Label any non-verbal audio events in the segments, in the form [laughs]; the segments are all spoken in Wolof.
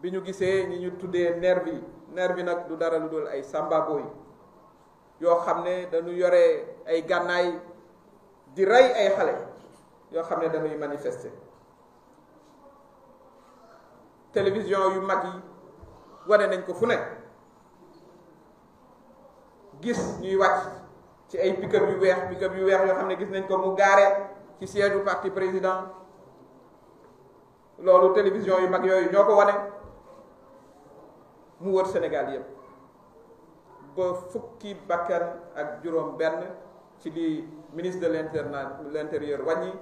bi ñu gisee ñi ñu tuddee nervi yi nervi nag du dara lu dul ay sàmbaaboo yi yoo xam ne dañu yore ay gànnaay di rey ay xale yoo xam ne dañuy manifester télévision yu mag yi wane nañ ko fu ne gis ñuy wàcc ci ay pick-up yu weex pick-up yu weex yoo xam ne gis nañ ko mu gaare ci siège parti président loolu télévision yu mag yooyu ñoo ko wane mu wër Sénégal yëpp ba fukki bakkan ak juróom benn ci li ministre de l'Intérieur, l'intérieur wàññi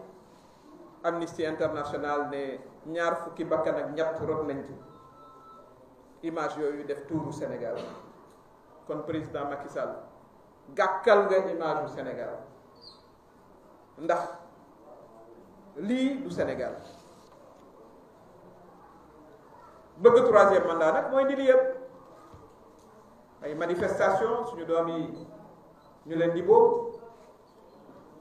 Amnesty International ne ñaar fukki bakkan ak ñett rot nañ ci image yooyu def touru Sénégal kon président Macky Sall gàkkal nga image bu Sénégal ndax lii du Sénégal bëgg troisième mandat nag mooy dindi yëpp ay manifestation suñu doom yi ñu leen di boobu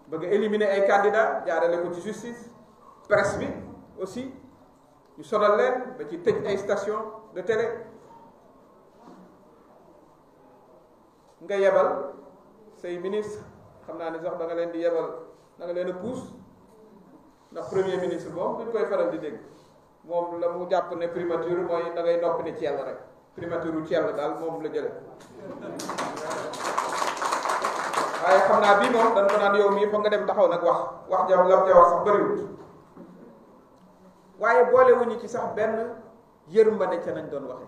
bëgg éliminer ay candidats jaarale ko ci justice presse bi aussi ñu sonal leen ba ci tëj ay station de télé nga yebal say ministre xam naa ne sax danga leen di yebal da nga leen a puus ndax premier ministre moom duñ koy faral di dégg moom la mu jàpp ne primature mooy da ngay noppi ni Thiel rek primature u Thiel daal moom la jële waaye xam naa bii moom dañ mii fa nga dem taxaw nag wax wax jam lam ca wax sax bëriwut waaye boolewuñu ci sax benn yërmande ca nañ doon waxe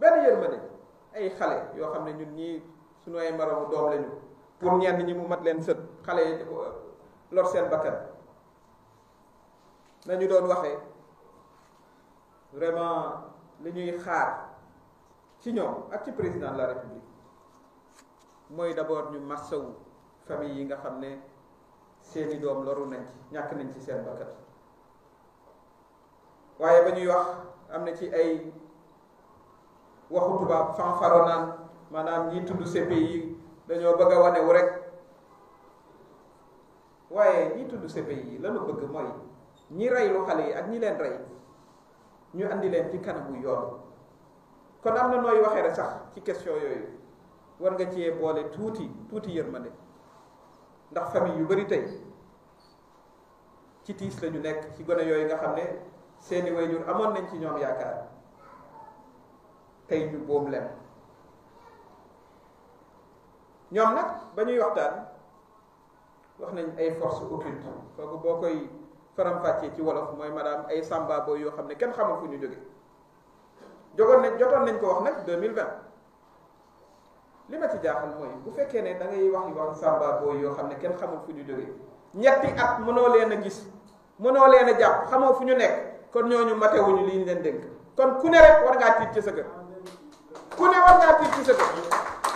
benn yërmande ay xale yoo xam ne ñun ñii suñu ay maramu doom lañu pour ñenn ñi mu mat leen sët xale yi lor seen bakkan nañu doon waxee vraiment li ñuy xaar ci ñoom ak ci président de la république mooy d'abord ñu massawu famille yi nga xam ne seeni doom loru nañ ci ñàkk nañ ci seen bakkan waaye ba ñuy wax am na ci ay waxu tubaab fanfaronnaan maanaam ñi tudd yi dañoo bëgg a wane wu rek waaye ñi tudd yi lanu bëgg mooy ñi reylu xale yi ak ñi leen rey ñu andi leen ci kanamu yoon kon am na nooy waxee rek sax ci question yooyu war nga cee boole tuuti tuuti yërmande ndax famille yu bari tey ci tiis la ñu nekk ci gone yooyu nga xam ne seeni waajur amoon nañ ci ñoom yaakaar tey ñu boom leen ñoom nag ba ñuy waxtaan wax nañ ay force occulte kooku boo koy faram-fàccee ci wolof mooy maanaam ay samba yoo xam ne kenn xamul fu ñu jóge jogoon nañ jotoon nañ ko wax nag mille 2020 li ma ci jaaxal mooy bu fekkee ne da ngay wax yu wax samba yoo xam ne kenn xamul fu ñu jóge ñetti at mënoo leen a gis mënoo leen jàpp xamoo fu ñu nekk kon ñooñu matewuñu li ñu leen dénk kon ku ne rek war ngaa tiit ci sa kër ku ne war ngaa tiit ci sa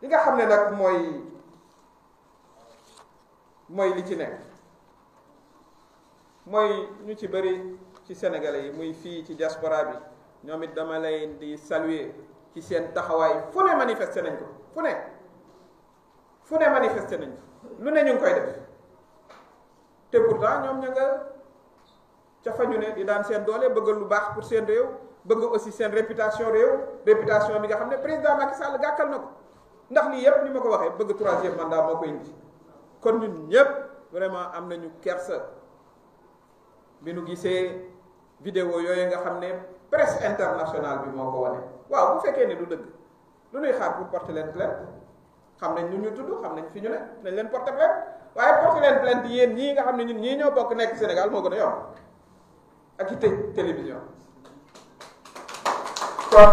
li nga xam ne nag mooy mooy li ci nekk mooy ñu ci bëri ci sénégalais yi muy fii ci diaspora bi ñoom it dama lay di saluer ci seen taxawaay fu ne manifesté nañ ko fu ne fu ne manifesté nañ ko lu ne ñu ngi koy def te pourtant ñoom ñu nga ca ñu ne di daan seen doole bëgg lu baax pour seen réew bëgg aussi seen réputation réew réputation bi nga xam ne président Macky Sall gàkkal na ko. ndax lii yëpp li ma ko waxee bëgg troisième mandat moo ko indi kon ñun ñëpp vraiment am nañu kersa bi nu gisee vidéo yooyu nga xam ne presque international bi moo ko wane waaw bu fekkee ne du dëgg lu nuy xaar pour porter leen plainte xam nañ nu ñu tudd xam nañ fi ñu ne nañ leen porter plainte waaye porter leen plainte yéen ñii nga xam ne ñun ñii ñoo bokk nekk Sénégal moo gën a yomb ak i tëj télévision kon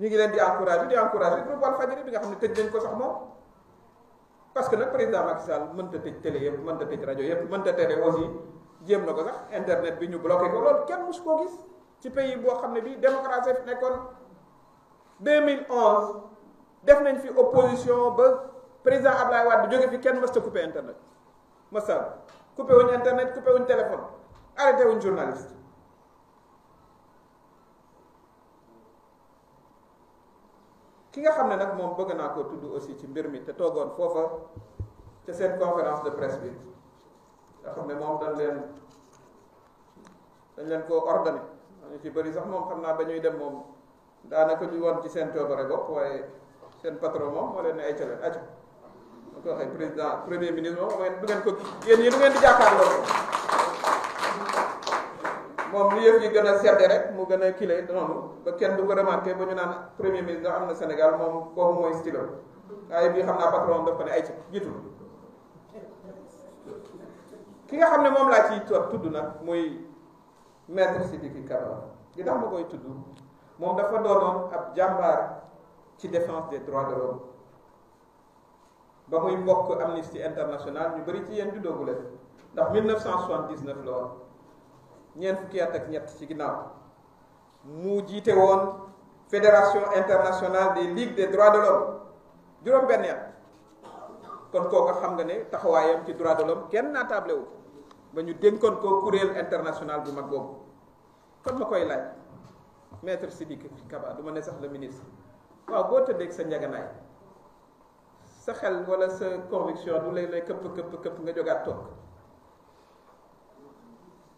ñu ngi leen di encouragé di encouragé groupe Walfadjri bi nga xam ne tëj nañ ko sax moom parce que nag président Macky Sall mënta tëj télé yëpp mënta tëj rajo yëpp mënta tere aussi jéem na ko sax internet bi ñu bloqué ko loolu kenn mus koo gis ci pays boo xam ne bii démocratie fi nekkoon 2011 def nañ fi opposition ba président Ablaye Wade jóge fi kenn mës ta coupé internet mës ta coupé wuñ internet coupé wuñ téléphone arrêté wuñ journaliste ki nga xam ne nag moom bëgg naa ko tudd aussi ci mbir mi te toogoon foofa ca seen conférence de presse bi nga xam ne moom dañ leen dañ leen ko ordonné ñu ci bëri sax moom xam naa ba dem moom daanaka ñu woon ci seen coobare bopp waaye seen patron moom moo leen ne ay ca leen aju ko waxee président premier ministre moom du ngeen ko yéen ñi du ngeen di jàkkaarloo moom lu yëf yi gën a sedde rek mu gën a kile noonu ba kenn bu ko remarqué ba ñu naan premier ministre am na Sénégal moom kooku mooy stylo waaye bii xam naa patron daf ko ne ay ci jiitu ki nga xam ne moom laa ci ciy tudd nag muy maître Sidiki Kaba li tax ma koy tudd moom dafa doonoon ab jàmbaar ci défense des droits de l'homme ba muy mbokk Amnesty International ñu bari ci yéen juddoogu leen ndax 1979 la woon ñeent fukki at ak ñett ci ginnaaw mu jiite woon fédération internationale des ligues des droits de l'homme juróom benn at kon kooku xam nga ne taxawaayam ci droits de l'homme kenn naa taable wu ba ñu dénkoon ko kuréel international bu mag boobu kon ma koy laaj maître Sidiki Kaba du ma ne sax le ministre waaw boo tëddeeg sa njaganaay sa xel wala sa conviction du lay lay këpp këpp këpp nga jógaat toog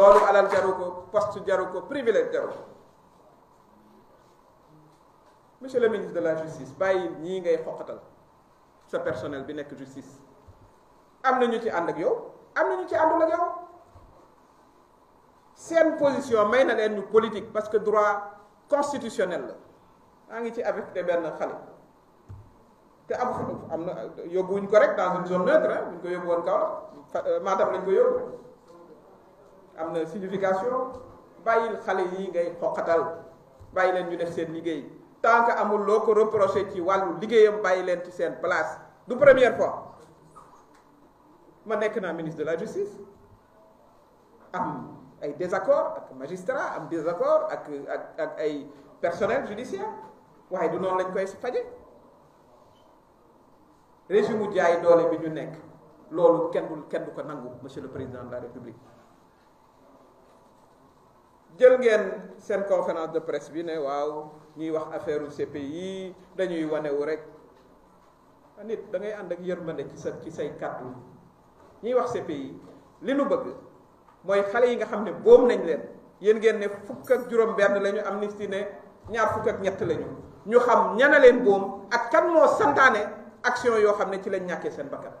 loolu alal jaru ko poste jaru ko privilège jaru ko monsieur le ministre de la justice bàyyi ñii ngay xoqatal sa personnel bi nekk justice am na ñu ci ànd ak yow am na ñu ci àndul ak yow seen position may na leen ñu politique parce que droit constitutionnel la maa ngi ci avec de benn xale te am am na yóbbuwuñ ko rek dans une zone neutre ah, buñ ko yóbbu woon kaw euh, madame lañ ko yóbbu amna signification bayil xalé yi ngay xoxatal bayil len ñu def seen liggéey tant que amul loko reprocher ci walu liggéeyam bayil len ci seen place du première fois ma nek na ministre de la justice am ay désaccord ak magistrat am désaccord ak ak ak ay personnel judiciaire waaye du non lañ koy faje régime jaay doole bi ñu nekk loolu kenn du kenn du ko nangu monsieur le président de la république jël ngeen seen conférence de presse bi ne waaw ñuy wax affaire CPI dañuy wu rek nit da ngay ànd ak yërmande ci sa ci say kàddu ñuy wax CPI li nu bëgg mooy xale yi nga xam ne boom nañ leen yéen ngeen ne fukk ak juróom benn lañu ñu ne ñaar fukk ak ñett lañu ñu ñu xam ñana leen boom ak kan moo santaane action yoo xam ne ci lañ ñàkkee seen bakkan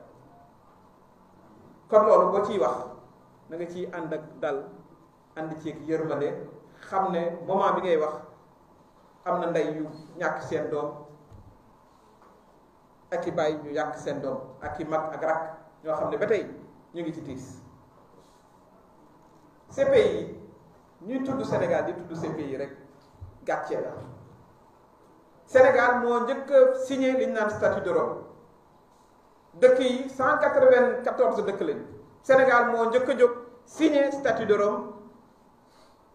kon loolu boo ciy wax na nga ciy ànd dal ànd ci yërmande xam ne moment bi ngay wax am na ndey yu ñàkk seen doom ak i bàyyi ñu yàq seen doom ak i mag ak rakk ñoo xam ne ba tey ñu ngi ci tiis ces pays yi ñuy tudd Sénégal di tudd ces pays rek gàcce la Sénégal moo njëkk a signé li naan statut de Rome dëkk yi cent quatre-vingt-quatorze dëkk leen Sénégal moo njëkk a jóg signé statut de Rome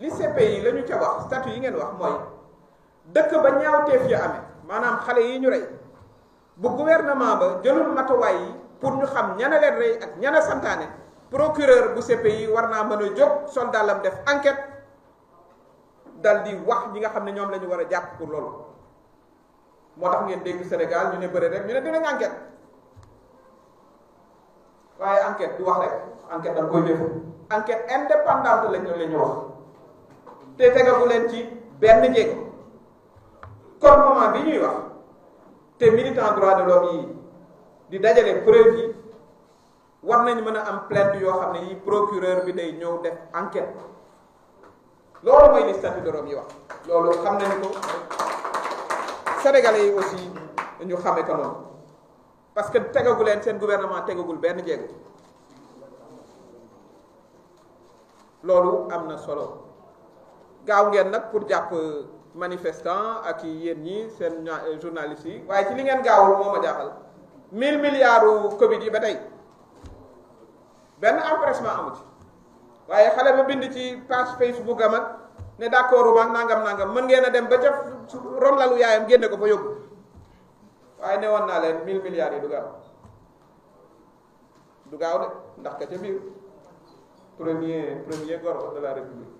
li CPI la lañu ca wax statut yi ngeen wax mooy dëkk ba ñaawteef ya amee maanaam xale yi ñu rey bu gouvernement ba jëlul matuwaay yi pour ñu xam ñana leen rey ak ñana santaane procureur bu war naa mën a jóg def enquête dal di wax ñi nga xam ne ñoom la ñu war a jàpp pour loolu moo tax ngeen dégg Sénégal ñu ne bëri rek ñu ne dinañ enquête waaye enquête du wax rek enquête da koy def enquête indépendante lañ lañu wax. te tegagu leen ci benn jéego kon moment bi ñuy wax te militant droit de l'homme yi di dajale preuve yi nañ mën a am plainte yoo xam ne yi procureur bi day ñëw def enquête loolu mooy li statut de Rome yi wax loolu xam nañu ko sénégalais yi aussi ñu xame ko noonu parce que tegagu leen seen gouvernement tegagul benn jéego loolu am na solo gaaw ngeen nag pour jàpp manifestant ak yéen ñi seen euh, journaliste yi waaye ci li ngeen gaawul moo ma jaaxal mille milliards Covid yi ba tey benn ma amu ci waaye xale ba bind ci page Facebook am ak ne d'accord ak nangam nangam mën ngeen a dem ba ca romlalu yaayam génne ko fa yóbbu waaye ne woon naa leen mille milliards yi du gaaw du gaaw de ndax ka ca biir premier premier goro de la république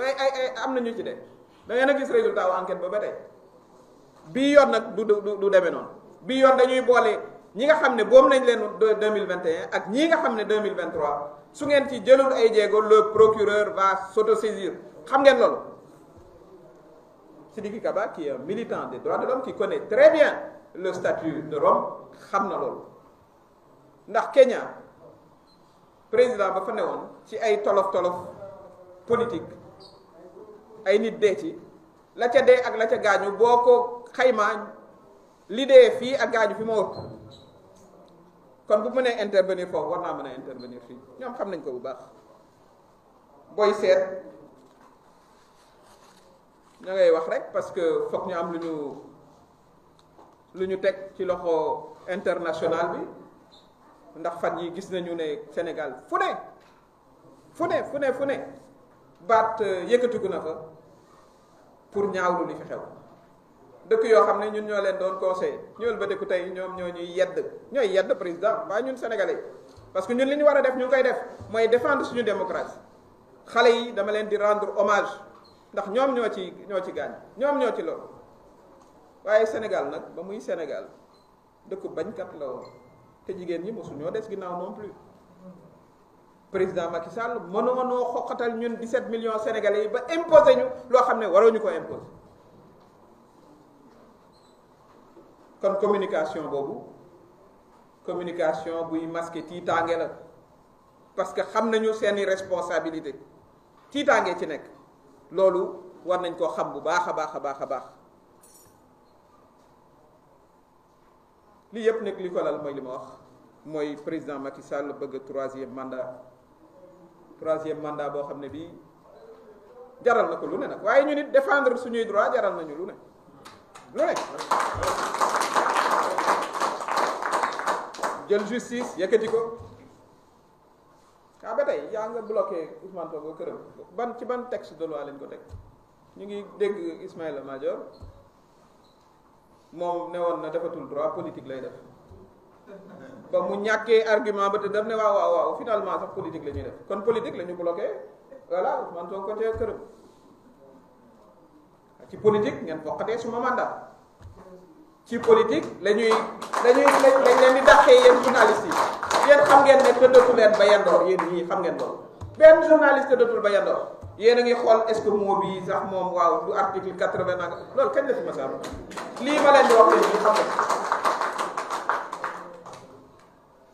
ay ay am na ñu ci dé da ngay na gis résultat wu enquête ba ba tay bi yoon nak du du du demee noonu bii yoon dañuy bolé ñi nga xamné boom boobu nañ leen 2021 ak ñi nga xamné 2023 su ngeen ci jëlul ay jéego le procureur va s'autosaisir xam ngeen loolu Sidiki Kaba qui est un militant des droits de l'homme qui connaît très bien le statut de Rome xam na loolu ndax Kenya président ba fa newoon ci ay tolof tolof politique. ay nit dee ci la ca dee ak la ca gaañu boo ko xaymaa li dee fii ak gaañu fi moo ëpp kon bu mënee intervenir foofu war naa mën a intervenir fii ñoom xam nañ ko bu baax booy seet ña ngay wax rek parce que foog ñu am lu ñu lu ñu teg ci loxo international bi ndax fan yi gis nañu ne Sénégal fu ne fu ne fu ne fu ne baat euh, yëkkatiku na fa pour ñaawlu li fi xew dëkk yoo xam ne ñun ñoo leen doon conseillé ñëwal ba dëkku tey ñoom ñoo ñuy yedd ñooy yedd président waaye ñun sénégalais parce que ñun li ñu war a def ñu ngi koy def mooy défendre suñu démocratie xale yi dama leen di rendre hommage ndax ñoom ñoo ci ñoo ci gaañ ñoom ñoo ci loolu waaye Sénégal nag ba muy Sénégal dëkku bañkat la woon te jigéen ñi mosu ñoo des ginnaaw non plus président Macky Sall mënoo noo xoqatal ñun 17 millions sénégalais yi ba imposé ñu loo xam ne waroo ñu ko imposé kon communication boobu communication buy masqué tiitaange la parce que xam nañu seeni responsabilité tiitaange ci nekk loolu war nañ ko xam bu baax a baax a baax a baax lii yëpp nag li ko lal mooy li ma wax mooy président Macky Sall bëgg troisième mandat. troisième mandat bo xamné bi jaral na lu ne nak waye ñu nit défendre suñuy droit jaral nañu lu ne lu ne jël justice yëkkati ko ka ah ba tey nga bloqué Ousmane Togo kërëm ban ci ban texte de loi lañ ko tek ñu ngi dégg Ismaïla Major mom néwon na defatul droit politique lay def ba mu ñàkkee argument ba te dem ne waaw waaw waaw finalement sax politique la ñuy def kon politique la ñu bloqué voilà Ousmane Sonko ca këram ci politique ngeen bokkatee suma mandat ci politique lañuy lañuy lañ leen di dàqee yéen journaliste yi yéen xam ngeen ne tëddatu leen ba yandoor yéen ñii xam ngeen loolu benn journaliste tëddatul ba yandoor yéen a ngi xool est ce que moo bi sax moom waaw du article 80 vingt nag loolu kañ la fi ma saa lii ma leen di wax leen xam nga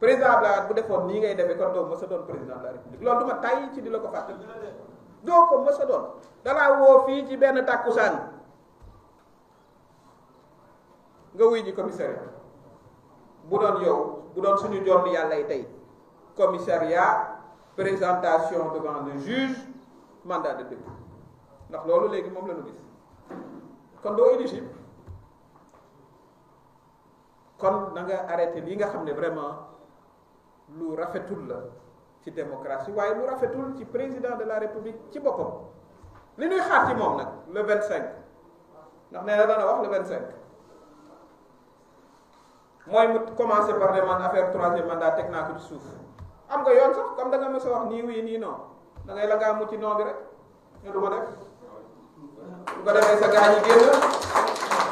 président de la République, bu defoon ni ngay défé kon do mës a doon président de la république loolu duma tay ci di la ko fàttali doo ko mës a doon dalaa wo fi ci ben tàkkusaan nga wuy ni commissaire bu don yow bu don suñu jonn yalla yi tey commissariat présentation devant le juge mandat de dépôt ndax loolu légui mom la ñu gis kon do éligible kon na nga arrêté li nga xamné vraiment lu rafetul la ci démocratie waaye lu rafetul président de la république ci boppam li ñuy xaar ci moom le 25. ndax nee na wax le 25 mu par demande affaire troisième mandat teg naa ko am nga sax comme da nga mës a wax oui ni non da ngay la ngaa mucc non bi rek ñu du ko def bu ko defee sa gaa ñi génn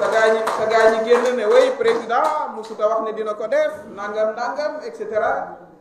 sa gaa sa gaa génn président wax ne dina ko nangam nangam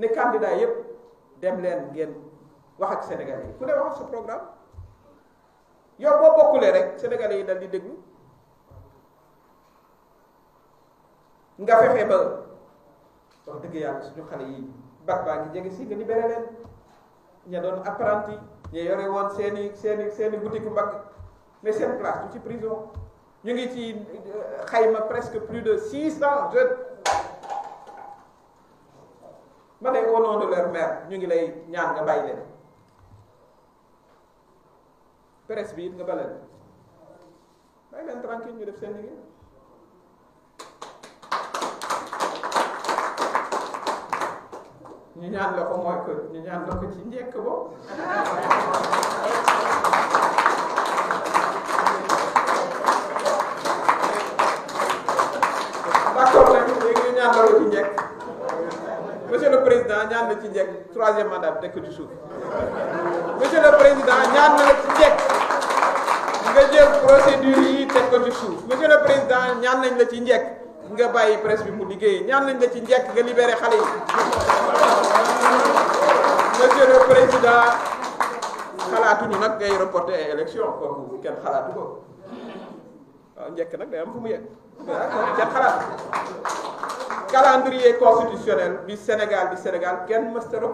ne candidat yépp dem leen ngeen wax ak sénégalais yi ku ne wax sa programme yow boo bokkulee rek sénégalais yi dal di déglu nga fexe ba wax dëgg yàlla suñu xale yi bak baa ngi jege si nga libéré leen ña doon apprenti ña yore woon seeni seeni seeni boutique mbagg mais seen place du ci prison ñu ngi ci euh, xayma presque plus de six jeunes ba tey au nom de ñu ngi lay ñaan nga bàyyi leen presse bi it nga baleen bàyyi leen tranquille ñu def seen liggéey ñu ñaan la ko mooy ko ñu ñaan la ko ci njëkk bo [laughs] troisième mandat t'es que tu souffres. monsieur le président ñaan na procédure monsieur le président ñaan la ci presse bi monsieur le président Khalatou ngay reporter élection calendrier constitutionnel du Sénégal du Sénégal Quel